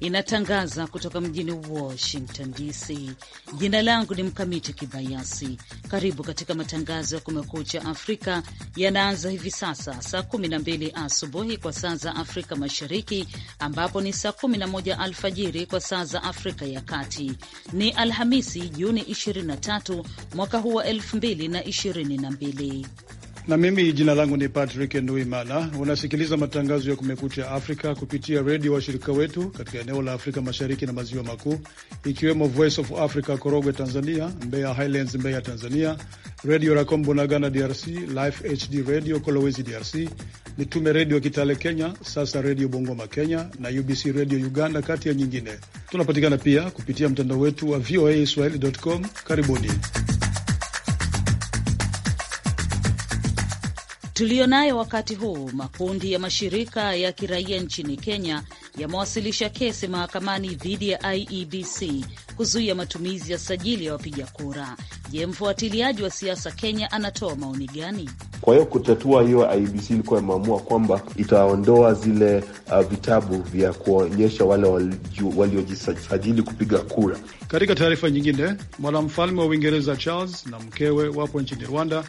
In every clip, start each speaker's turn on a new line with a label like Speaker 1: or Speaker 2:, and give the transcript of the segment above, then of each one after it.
Speaker 1: inatangaza kutoka mjini Washington DC. Jina langu ni Mkamiti Kibayasi. Karibu katika matangazo ya Kumekucha Afrika, yanaanza hivi sasa saa 12 asubuhi kwa saa za Afrika Mashariki, ambapo ni saa 11 alfajiri kwa saa za Afrika ya Kati. Ni Alhamisi, Juni 23 mwaka huu wa 2022
Speaker 2: na mimi jina langu ni Patrick Nduimana. Unasikiliza matangazo ya Kumekucha Afrika kupitia redio washirika wetu katika eneo la Afrika Mashariki na Maziwa Makuu, ikiwemo Voice of Africa Korogwe Tanzania, Mbeya Highlands Mbeya Tanzania, Redio Racombo na Ghana DRC, Life HD Radio Kolowezi DRC, Nitume Redio Kitale Kenya, Sasa Redio Bongoma Kenya na UBC Redio Uganda, kati ya nyingine. Tunapatikana pia kupitia mtandao wetu wa VOA Swahili.com. Karibuni.
Speaker 1: nayo wakati huu, makundi ya mashirika ya kiraia nchini Kenya yamewasilisha kesi mahakamani dhidi ya IEBC kuzuia matumizi ya sajili ya wapiga kura. Je, mfuatiliaji wa siasa Kenya anatoa maoni gani?
Speaker 3: Kwa hiyo kutatua hiyo, IEBC ilikuwa imeamua kwamba itaondoa zile uh, vitabu vya kuonyesha wale waliojisajili kupiga kura.
Speaker 2: Katika taarifa nyingine, mwanamfalme wa Uingereza Charles na mkewe wapo nchini Rwanda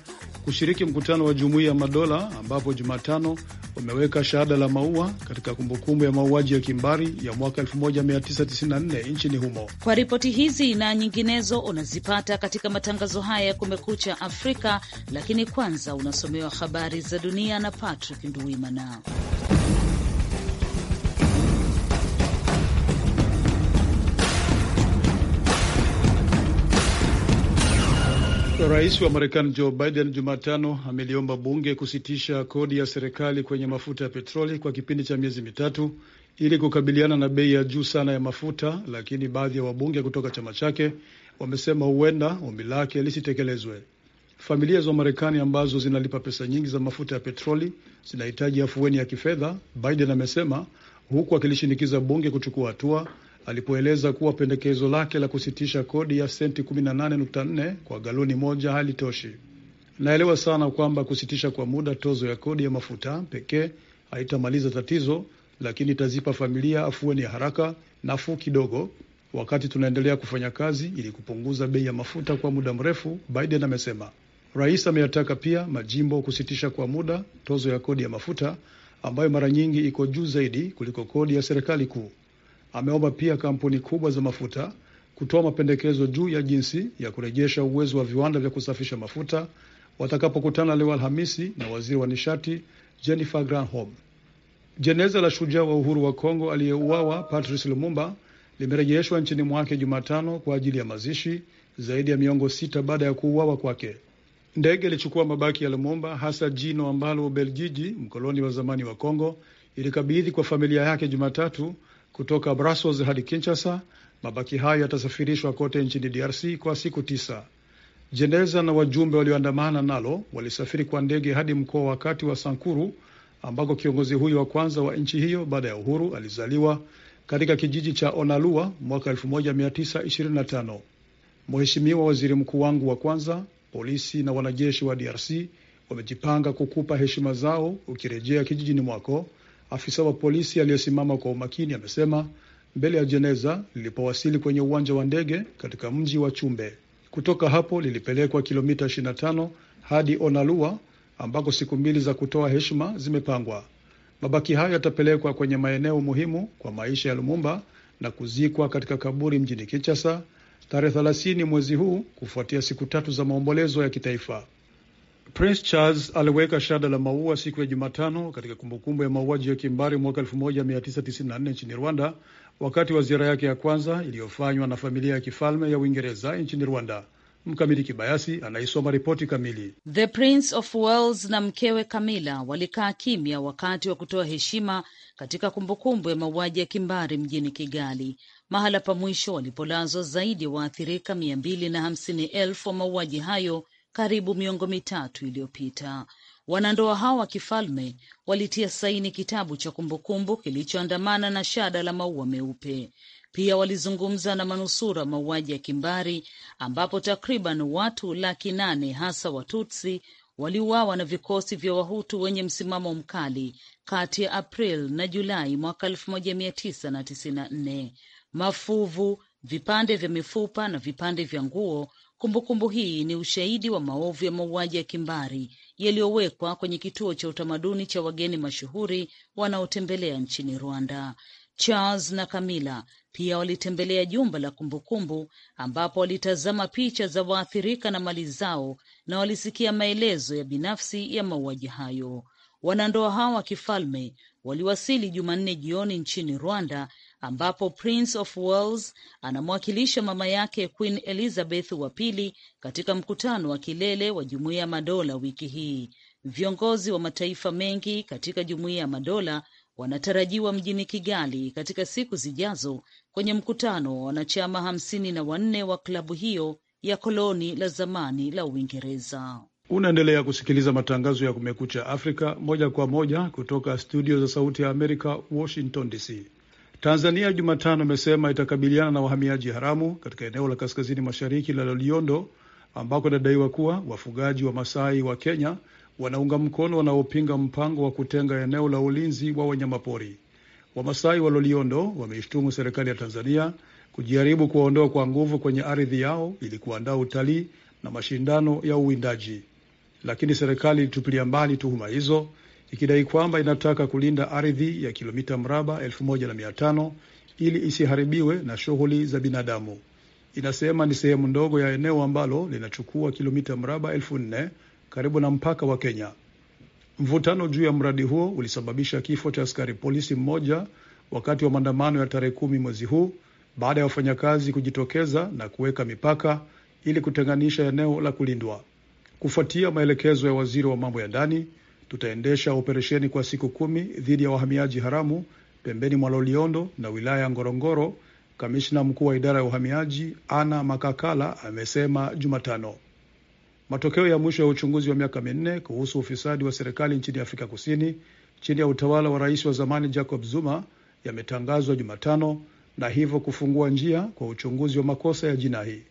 Speaker 2: kushiriki mkutano wa Jumuiya ya Madola ambapo Jumatano wameweka shahada la maua katika kumbukumbu ya mauaji redio Kimbari ya mwaka 1994 nchini humo.
Speaker 1: Kwa ripoti hizi na nyinginezo unazipata katika matangazo haya ya Kumekucha Afrika, lakini kwanza unasomewa habari za dunia na Patrick Nduimana.
Speaker 2: Rais wa Marekani Joe Biden Jumatano ameliomba bunge kusitisha kodi ya serikali kwenye mafuta ya petroli kwa kipindi cha miezi mitatu ili kukabiliana na bei ya juu sana ya mafuta, lakini baadhi ya wabunge kutoka chama chake wamesema huenda ombi lake lisitekelezwe. Familia za Marekani ambazo zinalipa pesa nyingi za mafuta ya petroli zinahitaji afueni ya kifedha, Biden amesema, huku akilishinikiza bunge kuchukua hatua alipoeleza kuwa pendekezo lake la kusitisha kodi ya senti 18.4 kwa galoni moja halitoshi. Naelewa sana kwamba kusitisha kwa muda tozo ya kodi ya mafuta pekee haitamaliza tatizo, lakini itazipa familia afueni ya haraka, nafuu kidogo, wakati tunaendelea kufanya kazi ili kupunguza bei ya mafuta kwa muda mrefu, Biden amesema. Rais ameyataka pia majimbo kusitisha kwa muda tozo ya kodi ya mafuta ambayo mara nyingi iko juu zaidi kuliko kodi ya serikali kuu. Ameomba pia kampuni kubwa za mafuta kutoa mapendekezo juu ya jinsi ya kurejesha uwezo wa viwanda vya kusafisha mafuta watakapokutana leo Alhamisi na waziri wa nishati Jennifer Granholm. Jeneza la shujaa wa uhuru wa Kongo aliyeuawa Patrice Lumumba limerejeshwa nchini mwake Jumatano kwa ajili ya mazishi zaidi ya miongo sita baada ya kuuawa kwake. Ndege ilichukua mabaki ya Lumumba, hasa jino ambalo Ubelgiji, mkoloni wa zamani wa Kongo, ilikabidhi kwa familia yake Jumatatu kutoka Brussels hadi Kinshasa. Mabaki hayo yatasafirishwa kote nchini DRC kwa siku tisa. Jeneza na wajumbe walioandamana nalo walisafiri kwa ndege hadi mkoa wa kati wa Sankuru ambako kiongozi huyo wa kwanza wa nchi hiyo baada ya uhuru alizaliwa katika kijiji cha Onalua mwaka 1925. Mheshimiwa Waziri Mkuu wangu wa kwanza, polisi na wanajeshi wa DRC wamejipanga kukupa heshima zao ukirejea kijijini mwako, afisa wa polisi aliyesimama kwa umakini amesema mbele ya jeneza lilipowasili kwenye uwanja wa ndege katika mji wa Chumbe. Kutoka hapo lilipelekwa kilomita 25 hadi Onalua ambako siku mbili za kutoa heshima zimepangwa. Mabaki hayo yatapelekwa kwenye maeneo muhimu kwa maisha ya Lumumba na kuzikwa katika kaburi mjini Kinshasa tarehe 30 mwezi huu kufuatia siku tatu za maombolezo ya kitaifa. Prince Charles aliweka shada la maua siku ya Jumatano katika kumbukumbu ya mauaji ya kimbari mwaka 1994 nchini Rwanda wakati wa ziara yake ya kwanza iliyofanywa na familia ya kifalme ya Uingereza nchini Rwanda. Mkamili Kibayasi anaisoma ripoti kamili.
Speaker 1: The Prince of Wales na mkewe Camilla walikaa kimya wakati wa kutoa heshima katika kumbukumbu ya mauaji ya kimbari mjini Kigali, mahala pa mwisho walipolazwa zaidi ya waathirika mia mbili na hamsini elfu wa mauaji hayo karibu miongo mitatu iliyopita. Wanandoa hao wa kifalme walitia saini kitabu cha kumbukumbu kilichoandamana na shada la maua meupe pia walizungumza na manusura mauaji ya kimbari ambapo takriban watu laki nane hasa Watutsi waliuawa na vikosi vya Wahutu wenye msimamo mkali kati ya April na Julai mwaka 1994. Mafuvu, vipande vya mifupa na vipande vya nguo. Kumbukumbu hii ni ushahidi wa maovu ya mauaji ya kimbari yaliyowekwa kwenye kituo cha utamaduni cha wageni mashuhuri wanaotembelea nchini Rwanda. Charles na Camilla pia walitembelea jumba la kumbukumbu ambapo walitazama picha za waathirika na mali zao na walisikia maelezo ya binafsi ya mauaji hayo. Wanandoa hao wa kifalme waliwasili Jumanne jioni nchini Rwanda ambapo Prince of Wales anamwakilisha mama yake Queen Elizabeth wa pili katika mkutano wa kilele wa Jumuiya ya Madola wiki hii. Viongozi wa mataifa mengi katika Jumuiya ya Madola wanatarajiwa mjini Kigali katika siku zijazo kwenye mkutano wa wanachama hamsini na wanne wa klabu hiyo ya koloni la zamani la Uingereza.
Speaker 2: Unaendelea kusikiliza matangazo ya Kumekucha Afrika moja kwa moja kutoka studio za Sauti ya Amerika, Washington DC. Tanzania Jumatano imesema itakabiliana na wahamiaji haramu katika eneo la kaskazini mashariki la Loliondo ambako inadaiwa kuwa wafugaji wa Masai wa Kenya wanaunga mkono wanaopinga mpango wa kutenga eneo la ulinzi wa wanyamapori. Wamasai wa Loliondo wameishtumu serikali ya Tanzania kujaribu kuwaondoa kwa nguvu kwenye ardhi yao ili kuandaa utalii na mashindano ya uwindaji, lakini serikali ilitupilia mbali tuhuma hizo ikidai kwamba inataka kulinda ardhi ya kilomita mraba elfu moja na mia tano ili isiharibiwe na shughuli za binadamu. Inasema ni sehemu ndogo ya eneo ambalo linachukua kilomita mraba elfu nne karibu na mpaka wa Kenya. Mvutano juu ya mradi huo ulisababisha kifo cha askari polisi mmoja wakati wa maandamano ya tarehe kumi mwezi huu baada ya wafanyakazi kujitokeza na kuweka mipaka ili kutenganisha eneo la kulindwa. Kufuatia maelekezo ya waziri wa mambo ya ndani, tutaendesha operesheni kwa siku kumi dhidi ya wahamiaji haramu pembeni mwa Loliondo na wilaya ya Ngorongoro, kamishna mkuu wa idara ya uhamiaji Ana Makakala amesema Jumatano. Matokeo ya mwisho ya uchunguzi wa miaka minne kuhusu ufisadi wa serikali nchini Afrika Kusini chini ya utawala wa rais wa zamani Jacob Zuma yametangazwa Jumatano na hivyo kufungua njia kwa uchunguzi wa makosa ya jinai.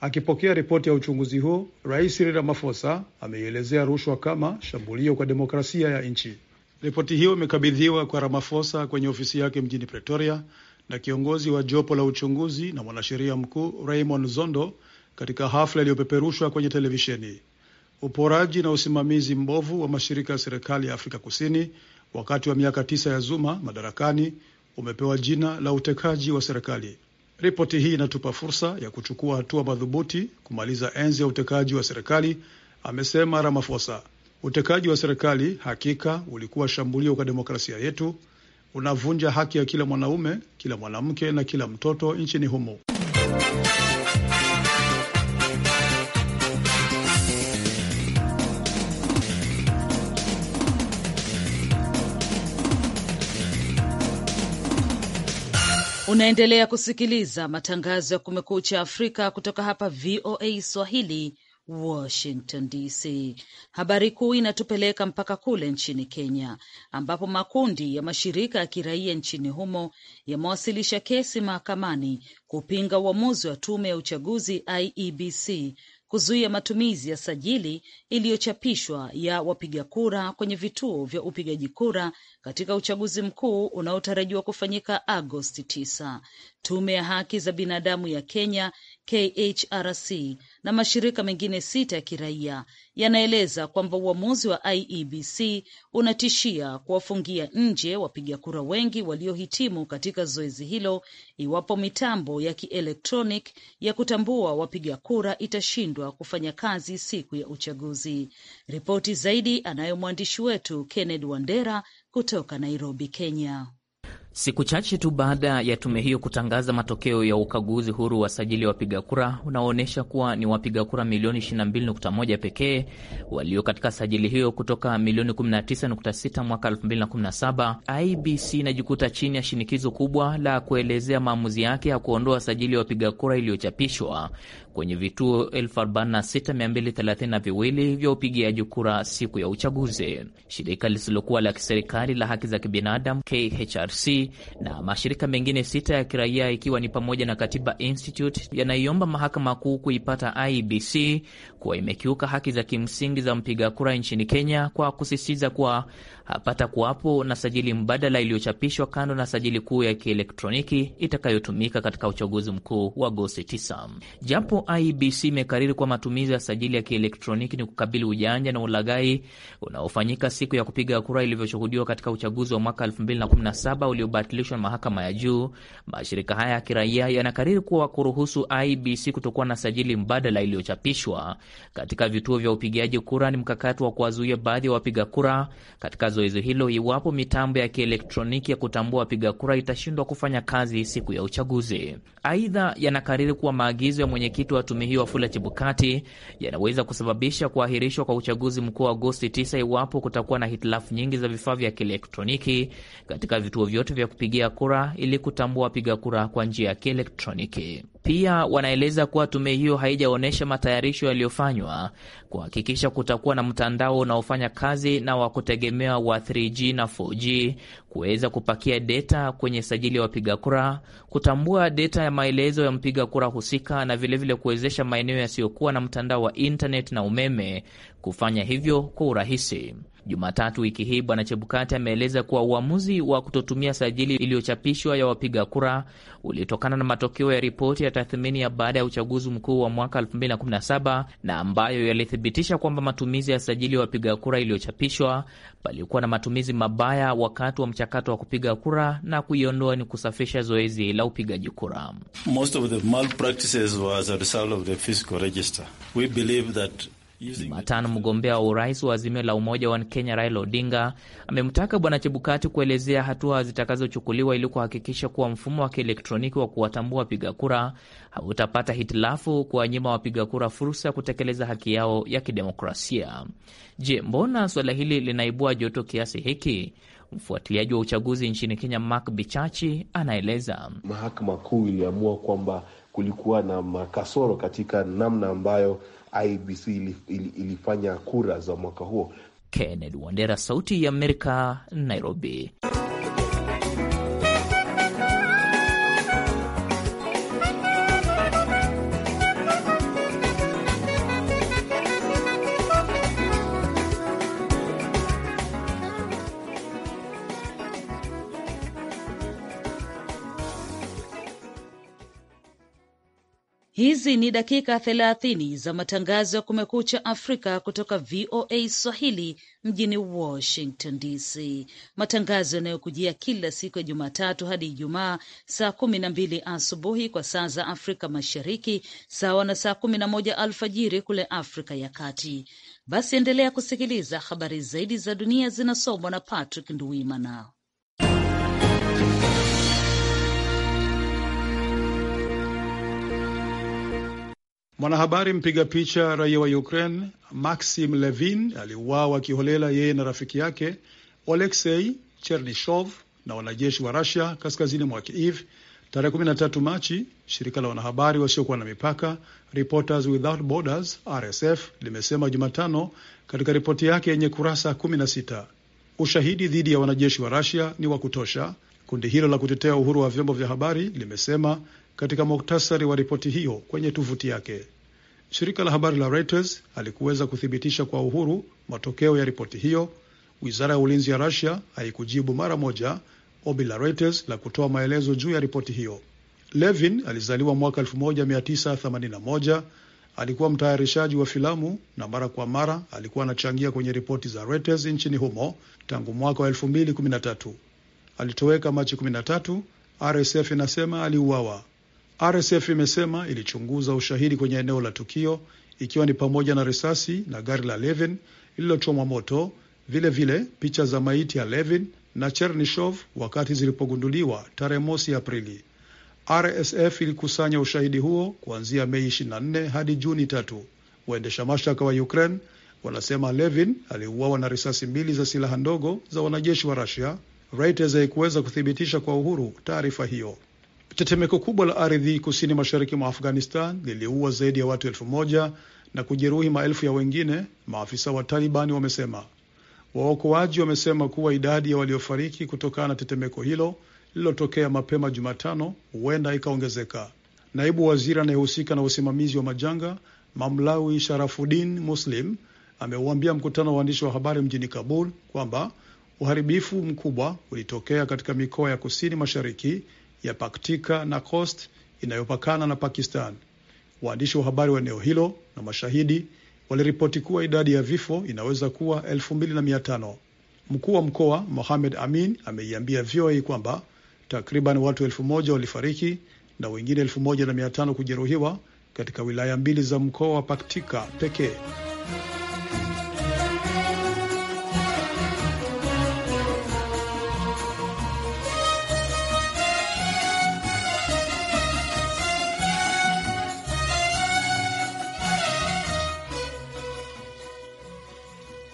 Speaker 2: Akipokea ripoti ya uchunguzi huo, Rais Cyril Ramaphosa ameielezea rushwa kama shambulio kwa demokrasia ya nchi. Ripoti hiyo imekabidhiwa kwa Ramaphosa kwenye ofisi yake mjini Pretoria na kiongozi wa jopo la uchunguzi na mwanasheria mkuu Raymond Zondo katika hafla iliyopeperushwa kwenye televisheni. Uporaji na usimamizi mbovu wa mashirika ya serikali ya Afrika Kusini wakati wa miaka tisa ya Zuma madarakani umepewa jina la utekaji wa serikali. Ripoti hii inatupa fursa ya kuchukua hatua madhubuti kumaliza enzi ya utekaji wa serikali, amesema Ramaphosa. Utekaji wa serikali hakika ulikuwa shambulio kwa demokrasia yetu, unavunja haki ya kila mwanaume, kila mwanamke na kila mtoto nchini humo.
Speaker 1: Unaendelea kusikiliza matangazo ya Kumekucha Afrika kutoka hapa VOA Swahili, Washington DC. Habari kuu inatupeleka mpaka kule nchini Kenya, ambapo makundi ya mashirika ya kiraia nchini humo yamewasilisha kesi mahakamani kupinga uamuzi wa tume ya uchaguzi IEBC kuzuia matumizi ya sajili iliyochapishwa ya wapiga kura kwenye vituo vya upigaji kura katika uchaguzi mkuu unaotarajiwa kufanyika Agosti 9. Tume ya Haki za Binadamu ya Kenya KHRC na mashirika mengine sita ya kiraia yanaeleza kwamba uamuzi wa IEBC unatishia kuwafungia nje wapiga kura wengi waliohitimu katika zoezi hilo iwapo mitambo ya kielektronik ya kutambua wapiga kura itashindwa kufanya kazi siku ya uchaguzi. Ripoti zaidi anayo mwandishi wetu Kenneth Wandera kutoka Nairobi, Kenya.
Speaker 4: Siku chache tu baada ya tume hiyo kutangaza matokeo ya ukaguzi huru wa sajili ya wapiga kura unaoonyesha kuwa ni wapiga kura milioni 22.1 pekee walio katika sajili hiyo kutoka milioni 19.6 mwaka 2017, IBC inajikuta chini ya shinikizo kubwa la kuelezea maamuzi yake ya kuondoa sajili ya wapiga kura iliyochapishwa kwenye vituo 46232 vya upigiaji kura siku ya uchaguzi. Shirika lisilokuwa la kiserikali la haki za kibinadamu KHRC na mashirika mengine sita ya kiraia ikiwa ni pamoja na Katiba Institute yanaiomba mahakama kuu kuipata IBC kuwa imekiuka haki za kimsingi za mpiga kura nchini Kenya kwa kusisitiza kuwa hapata kuwapo na sajili mbadala iliyochapishwa kando na sajili kuu ya kielektroniki itakayotumika katika uchaguzi mkuu wa Agosti 9. Japo IBC imekariri kuwa matumizi ya sajili ya kielektroniki ni kukabili ujanja na ulaghai unaofanyika siku ya kupiga kura ilivyoshuhudiwa katika uchaguzi wa mwaka 2017 uliobatilishwa na mahakama ya juu. Mashirika haya ya kiraia yanakariri kuwa kuruhusu IBC kutokuwa na sajili mbadala iliyochapishwa katika vituo vya upigaji kura ni mkakati wa kuwazuia baadhi ya wapiga kura katika zoezi hilo, iwapo mitambo ya kielektroniki ya kutambua wapiga kura itashindwa kufanya kazi siku ya uchaguzi. Aidha, yanakariri kuwa maagizo ya mwenyekiti mwenyekiti wa tume hiyo Wafula Chebukati yanaweza kusababisha kuahirishwa kwa uchaguzi mkuu wa Agosti 9 iwapo kutakuwa na hitilafu nyingi za vifaa vya kielektroniki katika vituo vyote vya kupigia kura ili kutambua wapiga kura kwa njia ya kielektroniki. Pia wanaeleza kuwa tume hiyo haijaonyesha matayarisho yaliyofanywa kuhakikisha kutakuwa na mtandao unaofanya kazi na wa kutegemewa wa 3G na 4G kuweza kupakia deta kwenye sajili ya wapiga kura, kutambua deta ya maelezo ya mpiga kura husika, na vilevile kuwezesha maeneo yasiyokuwa na mtandao wa intanet na umeme kufanya hivyo kwa urahisi. Jumatatu wiki hii Bwana Chebukati ameeleza kuwa uamuzi wa kutotumia sajili iliyochapishwa ya wapiga kura ulitokana na matokeo ya ripoti ya tathmini ya baada ya uchaguzi mkuu wa mwaka 2017 na ambayo yalithibitisha kwamba matumizi ya sajili ya wapiga kura iliyochapishwa palikuwa na matumizi mabaya wakati wa mchakato wa kupiga kura na kuiondoa ni kusafisha zoezi la upigaji kura.
Speaker 2: Most of the malpractices was a result of the register. We
Speaker 1: believe
Speaker 4: that Jumatano, mgombea wa urais wa Azimio la Umoja wa Kenya Raila Odinga amemtaka Bwana Chebukati kuelezea hatua zitakazochukuliwa ili kuhakikisha kuwa mfumo wa kielektroniki wa kuwatambua wapiga kura hautapata hitilafu kuwanyima wapiga kura fursa ya kutekeleza haki yao ya kidemokrasia. Je, mbona suala hili linaibua joto kiasi hiki? Mfuatiliaji wa uchaguzi nchini Kenya Mark Bichachi anaeleza.
Speaker 3: Mahakama Kuu iliamua kwamba kulikuwa na makasoro katika namna ambayo
Speaker 4: IBC ilifanya kura za mwaka huo. Kennedy Wandera, Sauti ya Amerika, Nairobi.
Speaker 1: Hizi ni dakika thelathini za matangazo ya Kumekucha Afrika kutoka VOA Swahili mjini Washington DC, matangazo yanayokujia kila siku ya Jumatatu hadi Ijumaa saa kumi na mbili asubuhi kwa saa za Afrika Mashariki, sawa na saa kumi na moja alfajiri kule Afrika ya Kati. Basi endelea kusikiliza habari zaidi za dunia, zinasomwa na Patrick Nduwimana.
Speaker 2: Mwanahabari mpiga picha raia wa Ukraine Maxim Levin aliuawa kiholela, yeye na rafiki yake Oleksei Chernishov na wanajeshi wa rasia kaskazini mwa Kiev tarehe 13 Machi, shirika la wanahabari wasiokuwa na mipaka Reporters Without Borders RSF limesema Jumatano katika ripoti yake yenye kurasa 16. Ushahidi dhidi ya wanajeshi wa rasia ni wa kutosha, kundi hilo la kutetea uhuru wa vyombo vya habari limesema katika muktasari wa ripoti hiyo kwenye tovuti yake. Shirika la habari la Reuters alikuweza kuthibitisha kwa uhuru matokeo ya ripoti hiyo. Wizara ya ulinzi ya Russia haikujibu mara moja ombi la Reuters la kutoa maelezo juu ya ripoti hiyo. Levin alizaliwa mwaka 1981 alikuwa mtayarishaji wa filamu na mara kwa mara alikuwa anachangia kwenye ripoti za Reuters nchini humo tangu mwaka wa 2013. Alitoweka Machi 13. RSF inasema aliuawa. RSF imesema ilichunguza ushahidi kwenye eneo la tukio ikiwa ni pamoja na risasi na gari la Levin lililochomwa moto, vile vile picha za maiti ya Levin na Chernishov wakati zilipogunduliwa tarehe mosi Aprili. RSF ilikusanya ushahidi huo kuanzia Mei 24 hadi Juni tatu. Waendesha mashtaka wa Ukraine wanasema Levin aliuawa na risasi mbili za silaha ndogo za wanajeshi wa Russia. Reuters haikuweza kuthibitisha kwa uhuru taarifa hiyo. Tetemeko kubwa la ardhi kusini mashariki mwa Afghanistan liliua zaidi ya watu elfu moja na kujeruhi maelfu ya wengine, maafisa wa Talibani wamesema. Waokoaji wamesema kuwa idadi ya waliofariki kutokana na tetemeko hilo lililotokea mapema Jumatano huenda ikaongezeka. Naibu waziri anayehusika na usimamizi wa majanga Mamlawi Sharafudin Muslim ameuambia mkutano wa waandishi wa habari mjini Kabul kwamba uharibifu mkubwa ulitokea katika mikoa ya kusini mashariki ya Paktika na Khost inayopakana na Pakistan. Waandishi wa habari wa eneo hilo na mashahidi waliripoti kuwa idadi ya vifo inaweza kuwa elfu mbili na mia tano. Mkuu wa mkoa Mohamed Amin ameiambia VOA kwamba takriban watu elfu moja walifariki na wengine elfu moja na mia tano kujeruhiwa katika wilaya mbili za mkoa wa Paktika pekee.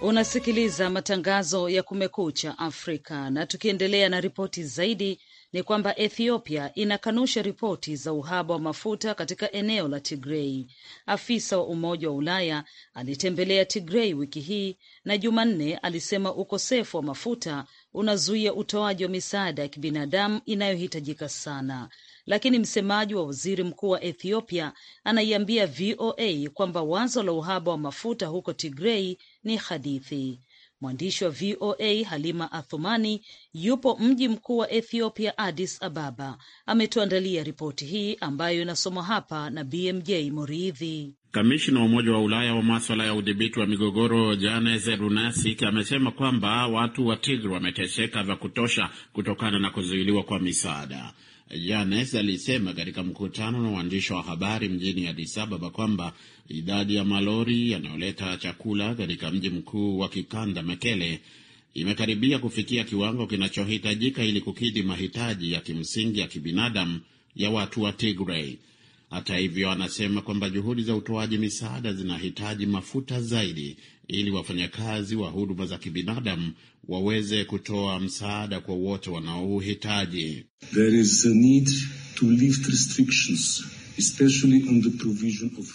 Speaker 1: Unasikiliza matangazo ya Kumekucha Afrika. Na tukiendelea na ripoti zaidi, ni kwamba Ethiopia inakanusha ripoti za uhaba wa mafuta katika eneo la Tigrei. Afisa wa Umoja wa Ulaya alitembelea Tigrei wiki hii na Jumanne alisema ukosefu wa mafuta unazuia utoaji wa misaada ya kibinadamu inayohitajika sana lakini msemaji wa waziri mkuu wa Ethiopia anaiambia VOA kwamba wazo la uhaba wa mafuta huko Tigrei ni hadithi. Mwandishi wa VOA Halima Athumani yupo mji mkuu wa Ethiopia, Addis Ababa. Ametuandalia ripoti hii ambayo inasomwa hapa na BMJ Muridhi
Speaker 3: kamishina wa Umoja wa Ulaya wa maswala ya udhibiti wa migogoro Janes Runasik amesema kwamba watu wa Tigri wameteseka vya kutosha kutokana na kuzuiliwa kwa misaada. Janes alisema katika mkutano na waandishi wa habari mjini Addis Ababa kwamba idadi ya malori yanayoleta chakula katika mji mkuu wa kikanda Mekele imekaribia kufikia kiwango kinachohitajika ili kukidhi mahitaji ya kimsingi ya kibinadamu ya watu wa Tigray. Hata hivyo, anasema kwamba juhudi za utoaji misaada zinahitaji mafuta zaidi ili wafanyakazi wa huduma za kibinadamu waweze kutoa msaada kwa wote wanaouhitaji.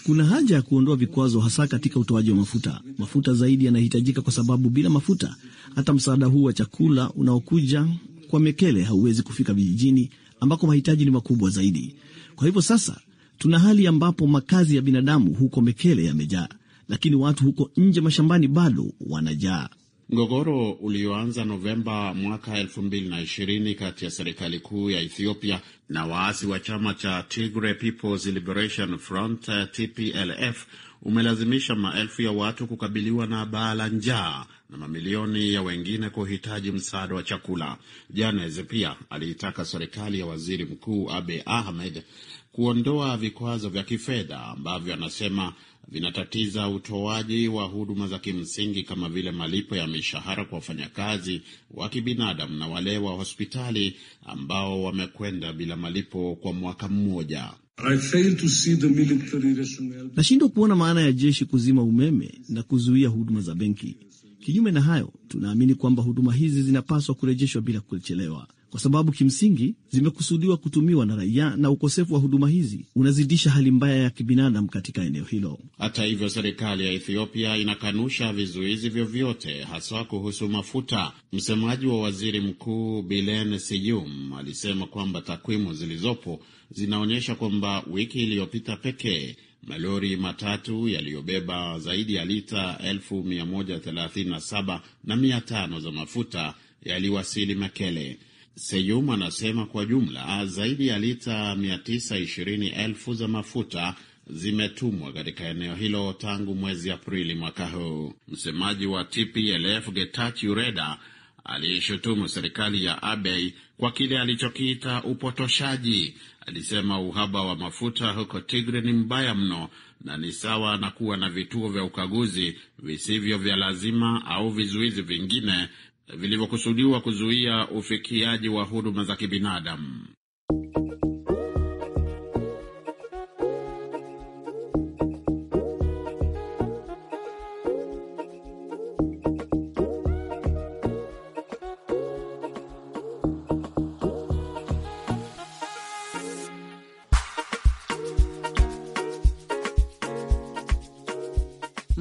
Speaker 5: Kuna haja ya kuondoa vikwazo hasa katika utoaji wa mafuta. Mafuta zaidi yanahitajika kwa sababu bila mafuta hata msaada huu wa chakula unaokuja kwa mekele hauwezi kufika vijijini ambako mahitaji ni makubwa zaidi. Kwa hivyo sasa Tuna hali ambapo makazi ya binadamu huko Mekele yamejaa, lakini watu huko nje mashambani bado wanajaa.
Speaker 3: Mgogoro ulioanza Novemba mwaka 2020 kati ya serikali kuu ya Ethiopia na waasi wa chama cha Tigray People's Liberation Front TPLF umelazimisha maelfu ya watu kukabiliwa na baa la njaa na mamilioni ya wengine kuhitaji msaada wa chakula. Janez pia aliitaka serikali ya waziri mkuu Abe Ahmed kuondoa vikwazo vya kifedha ambavyo anasema vinatatiza utoaji wa huduma za kimsingi kama vile malipo ya mishahara kwa wafanyakazi wa kibinadamu na wale wa hospitali ambao wamekwenda bila malipo kwa
Speaker 5: mwaka mmoja. Nashindwa kuona maana ya jeshi kuzima umeme na kuzuia huduma za benki. Kinyume na hayo, tunaamini kwamba huduma hizi zinapaswa kurejeshwa bila kuchelewa kwa sababu kimsingi zimekusudiwa kutumiwa na raia, na ukosefu wa huduma hizi unazidisha hali mbaya ya kibinadamu katika eneo hilo.
Speaker 3: Hata hivyo, serikali ya Ethiopia inakanusha vizuizi vyovyote, haswa kuhusu mafuta. Msemaji wa waziri mkuu Bilen siyum alisema kwamba takwimu zilizopo zinaonyesha kwamba wiki iliyopita pekee malori matatu yaliyobeba zaidi ya lita na 5 za mafuta yaliwasili Mekele. Seyum anasema kwa jumla zaidi ya lita 92 za mafuta zimetumwa katika eneo hilo tangu mwezi Aprili mwaka huu. Msemaji wa TPLF Getachew Reda aliishutumu serikali ya Abiy kwa kile alichokiita upotoshaji. Alisema uhaba wa mafuta huko Tigray ni mbaya mno na ni sawa na kuwa na vituo vya ukaguzi visivyo vya lazima au vizuizi vingine vilivyokusudiwa kuzuia ufikiaji wa huduma za kibinadamu.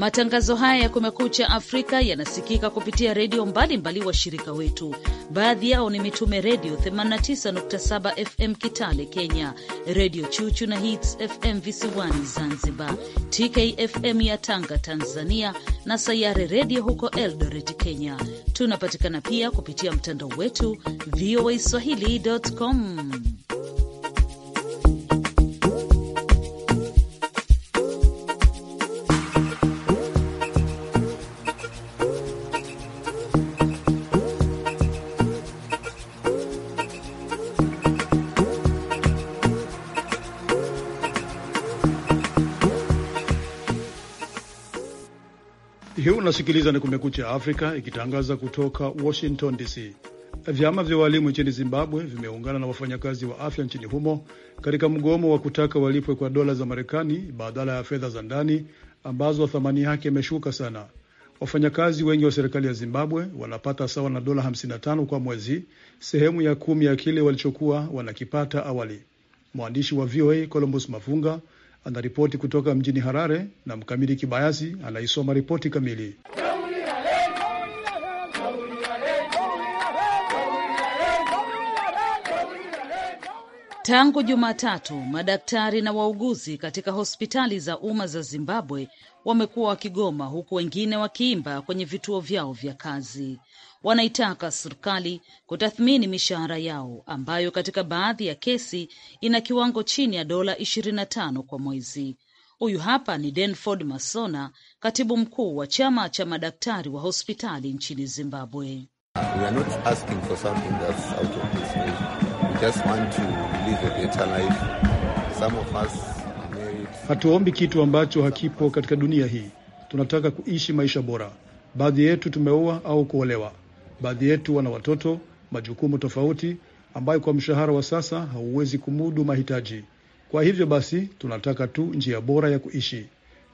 Speaker 1: Matangazo haya ya Kumekucha Afrika yanasikika kupitia redio mbalimbali washirika wetu. Baadhi yao ni Mitume Redio 89.7 FM Kitale Kenya, Redio Chuchu na Hits FM visiwani Zanzibar, TKFM ya Tanga Tanzania na Sayare Redio huko Eldoret Kenya. Tunapatikana pia kupitia mtandao wetu voa swahilicom
Speaker 2: Hii unasikiliza ni Kumekucha Afrika ikitangaza kutoka Washington DC. Vyama vya walimu nchini Zimbabwe vimeungana na wafanyakazi wa afya nchini humo katika mgomo wa kutaka walipwe kwa dola za Marekani badala ya fedha za ndani ambazo thamani yake imeshuka sana. Wafanyakazi wengi wa serikali ya Zimbabwe wanapata sawa na dola 55 kwa mwezi, sehemu ya kumi ya kile walichokuwa wanakipata awali. Mwandishi wa VOA Columbus Mafunga anaripoti kutoka mjini Harare na Mkamili Kibayasi anaisoma ripoti kamili.
Speaker 1: Tangu Jumatatu, madaktari na wauguzi katika hospitali za umma za Zimbabwe wamekuwa wakigoma huku wengine wakiimba kwenye vituo vyao vya kazi. Wanaitaka serikali kutathmini mishahara yao ambayo katika baadhi ya kesi ina kiwango chini ya dola 25 na tano kwa mwezi. Huyu hapa ni Denford Masona, katibu mkuu wa chama cha madaktari wa hospitali nchini Zimbabwe.
Speaker 3: We
Speaker 2: Hatuombi kitu ambacho hakipo katika dunia hii. Tunataka kuishi maisha bora. Baadhi yetu tumeoa au kuolewa, baadhi yetu wana watoto, majukumu tofauti ambayo kwa mshahara wa sasa hauwezi kumudu mahitaji. Kwa hivyo basi, tunataka tu njia bora ya kuishi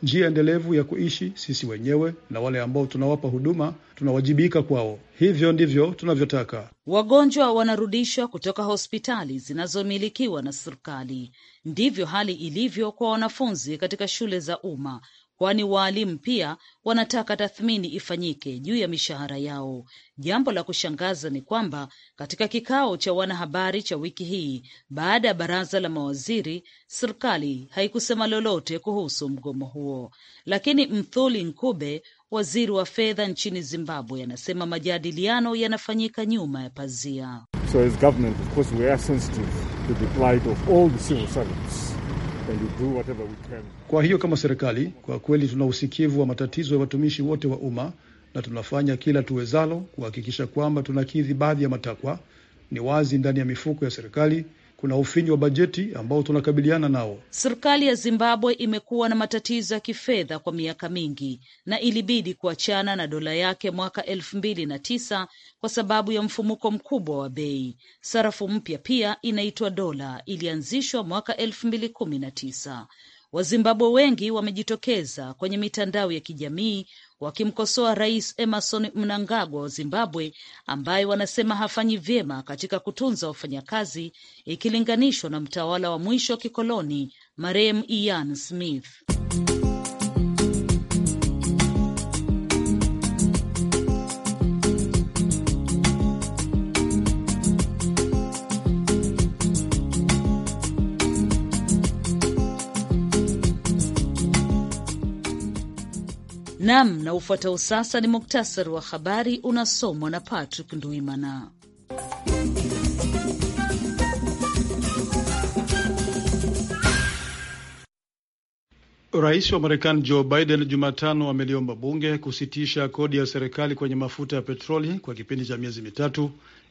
Speaker 2: njia endelevu ya kuishi. Sisi wenyewe na wale ambao tunawapa huduma tunawajibika kwao. Hivyo ndivyo tunavyotaka.
Speaker 1: Wagonjwa wanarudishwa kutoka hospitali zinazomilikiwa na serikali. Ndivyo hali ilivyo kwa wanafunzi katika shule za umma kwani waalimu pia wanataka tathmini ifanyike juu ya mishahara yao. Jambo la kushangaza ni kwamba katika kikao cha wanahabari cha wiki hii baada ya baraza la mawaziri, serikali haikusema lolote kuhusu mgomo huo. Lakini Mthuli Nkube, waziri wa fedha nchini Zimbabwe, anasema majadiliano yanafanyika nyuma ya pazia.
Speaker 2: So kwa hiyo kama serikali, kwa kweli tuna usikivu wa matatizo ya watumishi wote wa umma na tunafanya kila tuwezalo kuhakikisha kwamba tunakidhi baadhi ya matakwa. Ni wazi ndani ya mifuko ya serikali kuna ufinyu wa bajeti ambao tunakabiliana nao.
Speaker 1: Serikali ya Zimbabwe imekuwa na matatizo ya kifedha kwa miaka mingi na ilibidi kuachana na dola yake mwaka elfu mbili na tisa kwa sababu ya mfumuko mkubwa wa bei. Sarafu mpya pia inaitwa dola, ilianzishwa mwaka elfu mbili kumi na tisa. Wazimbabwe wengi wamejitokeza kwenye mitandao ya kijamii wakimkosoa Rais Emerson Mnangagwa wa Zimbabwe ambaye wanasema hafanyi vyema katika kutunza wafanyakazi ikilinganishwa na mtawala wa mwisho wa kikoloni marehemu Ian Smith. Nam na ufuatao sasa ni muktasari wa habari unasomwa na Patrick Nduimana.
Speaker 2: Rais wa Marekani Joe Biden Jumatano ameliomba bunge kusitisha kodi ya serikali kwenye mafuta ya petroli kwa kipindi cha miezi mitatu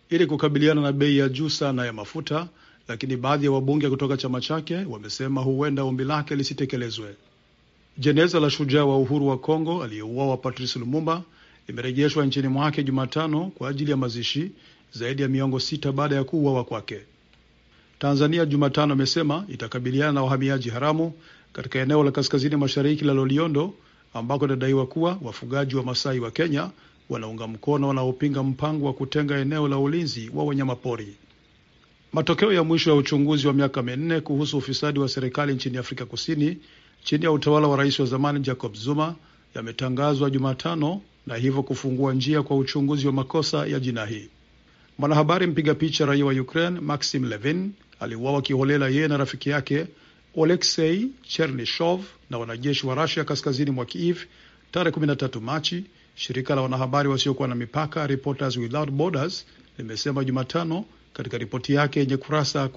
Speaker 2: ili kukabiliana na bei ya juu sana ya mafuta, lakini baadhi ya wabunge kutoka chama chake wamesema huenda ombi lake lisitekelezwe. Jeneza la shujaa wa uhuru wa Kongo aliyeuawa Patrice Lumumba limerejeshwa nchini mwake Jumatano kwa ajili ya mazishi zaidi ya miongo sita baada ya kuuawa kwake. Tanzania Jumatano imesema itakabiliana na wahamiaji haramu katika eneo la kaskazini mashariki la Loliondo ambako inadaiwa kuwa wafugaji wa Masai wa Kenya wanaunga mkono wanaopinga mpango wa kutenga eneo la ulinzi wa wanyamapori. Matokeo ya mwisho ya uchunguzi wa miaka minne kuhusu ufisadi wa serikali nchini Afrika Kusini chini ya utawala wa rais wa zamani Jacob Zuma yametangazwa Jumatano na hivyo kufungua njia kwa uchunguzi wa makosa ya jinai. Mwanahabari mpiga picha raia wa Ukraine Maxim Levin aliuawa kiholela yeye na rafiki yake Oleksei Chernishov na wanajeshi wa Rusia kaskazini mwa Kiev tarehe 13 Machi, shirika la wanahabari wasiokuwa na mipaka Reporters Without Borders limesema Jumatano katika ripoti yake yenye kurasa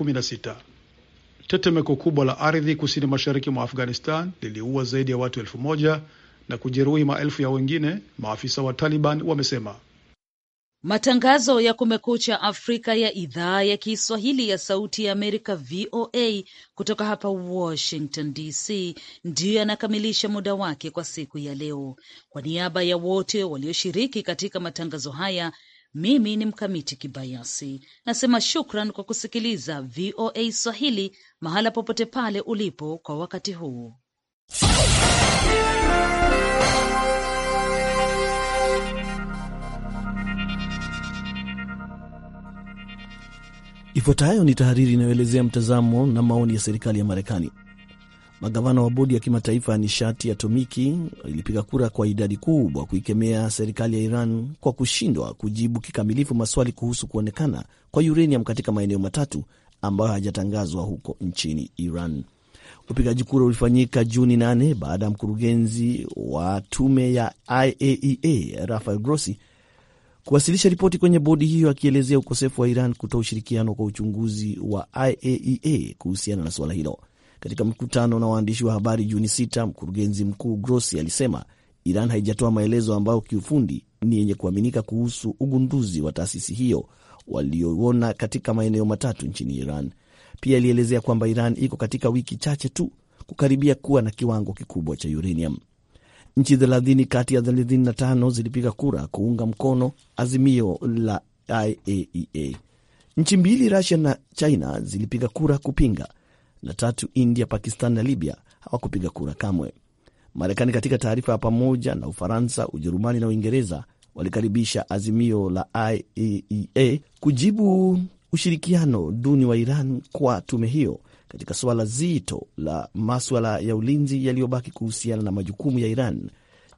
Speaker 2: Tetemeko kubwa la ardhi kusini mashariki mwa Afghanistan liliua zaidi ya watu elfu moja na kujeruhi maelfu ya wengine, maafisa wa Taliban wamesema.
Speaker 1: Matangazo ya Kumekucha Afrika ya idhaa ya Kiswahili ya Sauti ya Amerika, VOA, kutoka hapa Washington DC, ndiyo yanakamilisha muda wake kwa siku ya leo. Kwa niaba ya wote walioshiriki katika matangazo haya, mimi ni Mkamiti Kibayasi, nasema shukran kwa kusikiliza VOA Swahili mahala popote pale ulipo kwa wakati huu.
Speaker 5: Ifuatayo ni tahariri inayoelezea mtazamo na maoni ya serikali ya Marekani. Magavana wa bodi ya kimataifa ya nishati atomiki ilipiga kura kwa idadi kubwa kuikemea serikali ya Iran kwa kushindwa kujibu kikamilifu maswali kuhusu kuonekana kwa uranium katika maeneo matatu ambayo hayajatangazwa huko nchini Iran. Upigaji kura ulifanyika Juni 8 baada ya mkurugenzi wa tume ya IAEA e Rafael Grossi kuwasilisha ripoti kwenye bodi hiyo akielezea ukosefu wa Iran kutoa ushirikiano kwa uchunguzi wa IAEA e kuhusiana na suala hilo. Katika mkutano na waandishi wa habari Juni 6, mkurugenzi mkuu Grossi alisema Iran haijatoa maelezo ambayo kiufundi ni yenye kuaminika kuhusu ugunduzi wa taasisi hiyo walioona katika maeneo matatu nchini Iran. Pia alielezea kwamba Iran iko katika wiki chache tu kukaribia kuwa na kiwango kikubwa cha uranium. Nchi 30 kati ya 35 zilipiga kura kuunga mkono azimio la IAEA. E Nchi mbili Rusia na China zilipiga kura kupinga, na tatu India, Pakistan na Libya hawakupiga kura kamwe. Marekani katika taarifa ya pamoja na Ufaransa, Ujerumani na Uingereza walikaribisha azimio la IAEA e kujibu ushirikiano duni wa Iran kwa tume hiyo katika suala zito la maswala ya ulinzi yaliyobaki kuhusiana na majukumu ya Iran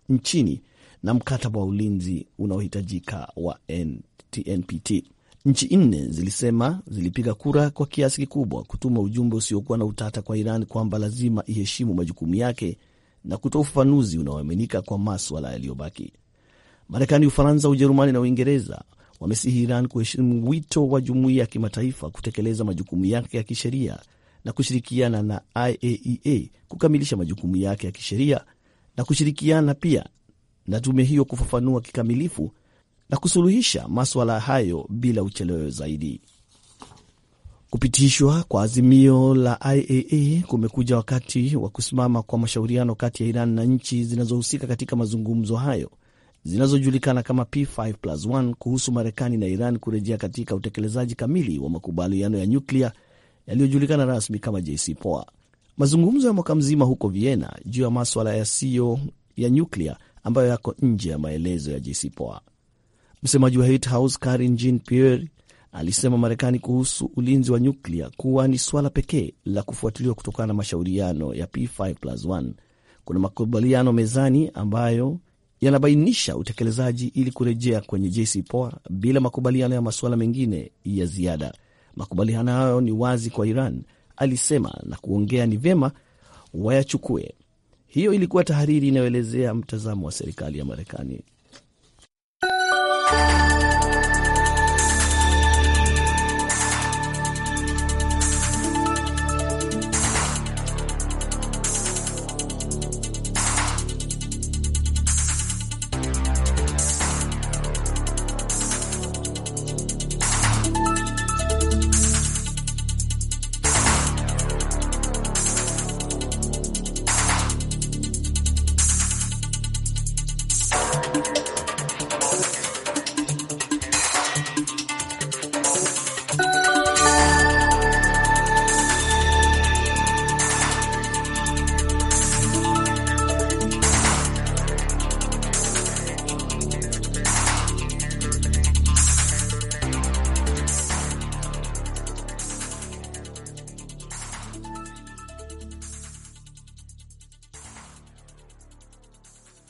Speaker 5: nchini na mkataba wa ulinzi unaohitajika wa NPT. Nchi nne zilisema zilipiga kura kwa kiasi kikubwa kutuma ujumbe usiokuwa na utata kwa Iran kwamba lazima iheshimu majukumu yake na kutoa ufafanuzi unaoaminika kwa maswala yaliyobaki. Marekani, Ufaransa, Ujerumani na Uingereza wamesihi Iran kuheshimu wito wa jumuiya ya kimataifa kutekeleza majukumu yake ya kisheria na kushirikiana na IAEA e kukamilisha majukumu yake ya kisheria na kushirikiana pia na tume hiyo kufafanua kikamilifu na kusuluhisha maswala hayo bila uchelewe zaidi. Kupitishwa kwa azimio la IAA kumekuja wakati wa kusimama kwa mashauriano kati ya Iran na nchi zinazohusika katika mazungumzo hayo zinazojulikana kama P5+1 kuhusu Marekani na Iran kurejea katika utekelezaji kamili wa makubaliano ya nyuklia yaliyojulikana rasmi kama JCPOA. Mazungumzo ya mwaka mzima huko Vienna juu ya maswala yasiyo ya nyuklia ambayo yako nje ya maelezo ya JCPOA. Msemaji wa White House Karine Jean-Pierre alisema Marekani kuhusu ulinzi wa nyuklia kuwa ni swala pekee la kufuatiliwa kutokana na mashauriano ya P5+1. Kuna makubaliano mezani ambayo yanabainisha utekelezaji ili kurejea kwenye JCPOA bila makubaliano ya masuala mengine ya ziada. Makubaliano hayo ni wazi kwa Iran, alisema na kuongea ni vyema wayachukue. Hiyo ilikuwa tahariri inayoelezea mtazamo wa serikali ya Marekani. Bye.